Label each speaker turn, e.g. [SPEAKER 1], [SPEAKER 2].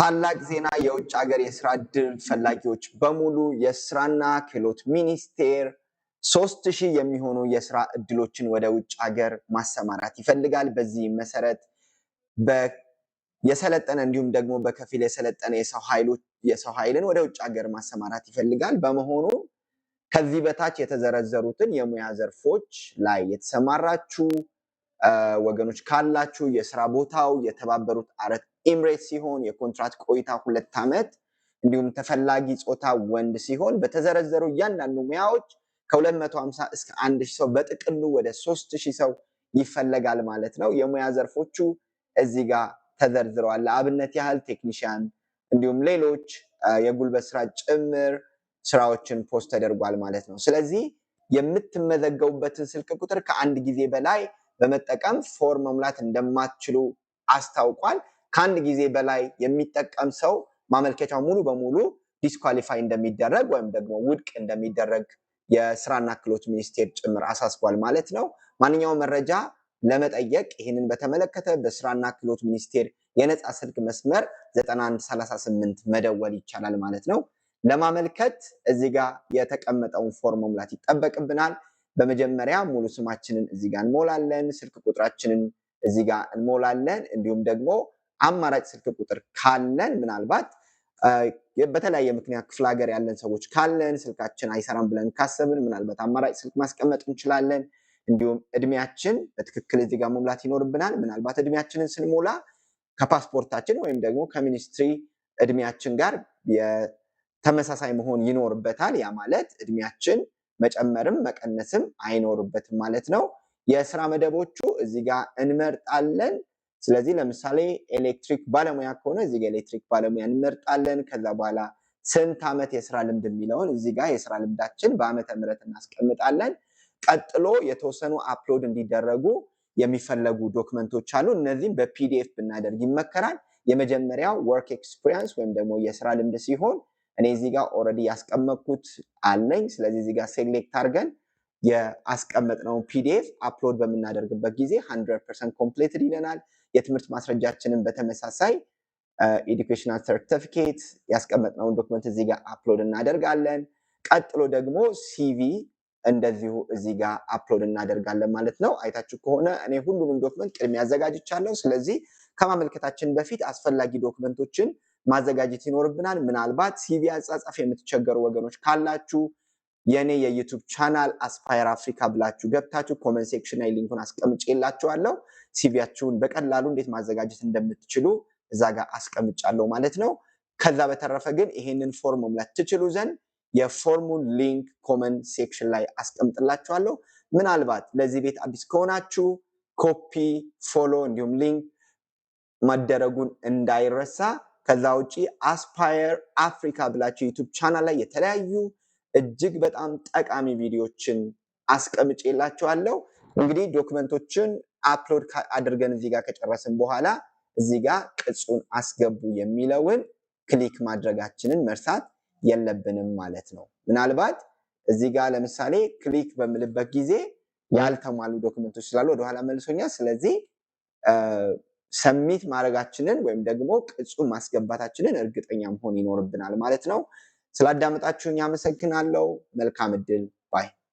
[SPEAKER 1] ታላቅ ዜና! የውጭ ሀገር የስራ እድል ፈላጊዎች በሙሉ የስራና ክህሎት ሚኒስቴር ሶስት ሺህ የሚሆኑ የስራ እድሎችን ወደ ውጭ ሀገር ማሰማራት ይፈልጋል። በዚህ መሰረት የሰለጠነ እንዲሁም ደግሞ በከፊል የሰለጠነ የሰው ኃይልን ወደ ውጭ ሀገር ማሰማራት ይፈልጋል። በመሆኑ ከዚህ በታች የተዘረዘሩትን የሙያ ዘርፎች ላይ የተሰማራችሁ ወገኖች ካላችሁ የስራ ቦታው የተባበሩት አረብ ኤምሬት ሲሆን የኮንትራት ቆይታ ሁለት ዓመት እንዲሁም ተፈላጊ ጾታ ወንድ ሲሆን በተዘረዘሩ እያንዳንዱ ሙያዎች ከ250 እስከ 1000 ሰው በጥቅሉ ወደ 3000 ሰው ይፈለጋል ማለት ነው። የሙያ ዘርፎቹ እዚህ ጋር ተዘርዝረዋል። ለአብነት ያህል ቴክኒሽያን እንዲሁም ሌሎች የጉልበት ስራ ጭምር ስራዎችን ፖስት ተደርጓል ማለት ነው። ስለዚህ የምትመዘገቡበትን ስልክ ቁጥር ከአንድ ጊዜ በላይ በመጠቀም ፎርም መሙላት እንደማትችሉ አስታውቋል። ከአንድ ጊዜ በላይ የሚጠቀም ሰው ማመልከቻው ሙሉ በሙሉ ዲስኳሊፋይ እንደሚደረግ ወይም ደግሞ ውድቅ እንደሚደረግ የስራና ክህሎት ሚኒስቴር ጭምር አሳስቧል ማለት ነው። ማንኛውም መረጃ ለመጠየቅ ይህንን በተመለከተ በስራና ክህሎት ሚኒስቴር የነፃ ስልክ መስመር 9138 መደወል ይቻላል ማለት ነው። ለማመልከት እዚህ ጋር የተቀመጠውን ፎርም መሙላት ይጠበቅብናል። በመጀመሪያ ሙሉ ስማችንን እዚህ ጋር እንሞላለን። ስልክ ቁጥራችንን እዚህ ጋር እንሞላለን። እንዲሁም ደግሞ አማራጭ ስልክ ቁጥር ካለን ምናልባት በተለያየ ምክንያት ክፍለ ሀገር ያለን ሰዎች ካለን ስልካችን አይሰራም ብለን ካሰብን ምናልባት አማራጭ ስልክ ማስቀመጥ እንችላለን። እንዲሁም እድሜያችን በትክክል እዚህ ጋር መሙላት ይኖርብናል። ምናልባት እድሜያችንን ስንሞላ ከፓስፖርታችን ወይም ደግሞ ከሚኒስትሪ እድሜያችን ጋር ተመሳሳይ መሆን ይኖርበታል። ያ ማለት እድሜያችን መጨመርም መቀነስም አይኖርበትም ማለት ነው። የስራ መደቦቹ እዚህ ጋር እንመርጣለን። ስለዚህ ለምሳሌ ኤሌክትሪክ ባለሙያ ከሆነ እዚህ ጋር ኤሌክትሪክ ባለሙያ እንመርጣለን። ከዛ በኋላ ስንት ዓመት የስራ ልምድ የሚለውን እዚህ ጋር የስራ ልምዳችን በዓመተ ምሕረት እናስቀምጣለን። ቀጥሎ የተወሰኑ አፕሎድ እንዲደረጉ የሚፈለጉ ዶክመንቶች አሉ። እነዚህም በፒዲኤፍ ብናደርግ ይመከራል። የመጀመሪያው ወርክ ኤክስፒሪያንስ ወይም ደግሞ የስራ ልምድ ሲሆን እኔ እዚህ ጋር ኦልሬዲ ያስቀመጥኩት አለኝ። ስለዚህ እዚህ ጋር ሴሌክት አድርገን ያስቀመጥነውን ፒዲኤፍ አፕሎድ በምናደርግበት ጊዜ 100 ኮምፕሌትድ ይለናል። የትምህርት ማስረጃችንን በተመሳሳይ ኤዱኬሽናል ሰርቲፊኬት ያስቀመጥነውን ዶክመንት እዚህ ጋር አፕሎድ እናደርጋለን። ቀጥሎ ደግሞ ሲቪ እንደዚሁ እዚህ ጋር አፕሎድ እናደርጋለን ማለት ነው። አይታችሁ ከሆነ እኔ ሁሉንም ዶክመንት ቅድሚያ አዘጋጅቻለሁ። ስለዚህ ከማመልከታችን በፊት አስፈላጊ ዶክመንቶችን ማዘጋጀት ይኖርብናል። ምናልባት ሲቪ አጻጻፍ የምትቸገሩ ወገኖች ካላችሁ የእኔ የዩቱብ ቻናል አስፓየር አፍሪካ ብላችሁ ገብታችሁ ኮመንት ሴክሽን ላይ ሊንኩን አስቀምጬላችኋለሁ። ሲቪያችሁን በቀላሉ እንዴት ማዘጋጀት እንደምትችሉ እዛ ጋር አስቀምጫለሁ ማለት ነው። ከዛ በተረፈ ግን ይሄንን ፎርም መሙላት ትችሉ ዘንድ የፎርሙን ሊንክ ኮመንት ሴክሽን ላይ አስቀምጥላችኋለሁ። ምናልባት ለዚህ ቤት አዲስ ከሆናችሁ ኮፒ፣ ፎሎ እንዲሁም ሊንክ መደረጉን እንዳይረሳ ከዛ ውጭ አስፓየር አፍሪካ ብላቸው ዩቱብ ቻናል ላይ የተለያዩ እጅግ በጣም ጠቃሚ ቪዲዮችን አስቀምጬላችኋለሁ። እንግዲህ ዶክመንቶችን አፕሎድ አድርገን እዚህ ጋር ከጨረስን በኋላ እዚህ ጋር ቅጹን አስገቡ የሚለውን ክሊክ ማድረጋችንን መርሳት የለብንም ማለት ነው። ምናልባት እዚህ ጋር ለምሳሌ ክሊክ በምልበት ጊዜ ያልተሟሉ ዶክመንቶች ስላሉ ወደኋላ መልሶኛል። ስለዚህ ሰሚት ማድረጋችንን ወይም ደግሞ ቅጹን ማስገባታችንን እርግጠኛ መሆን ይኖርብናል ማለት ነው። ስላዳመጣችሁኝ አመሰግናለሁ። መልካም እድል ባይ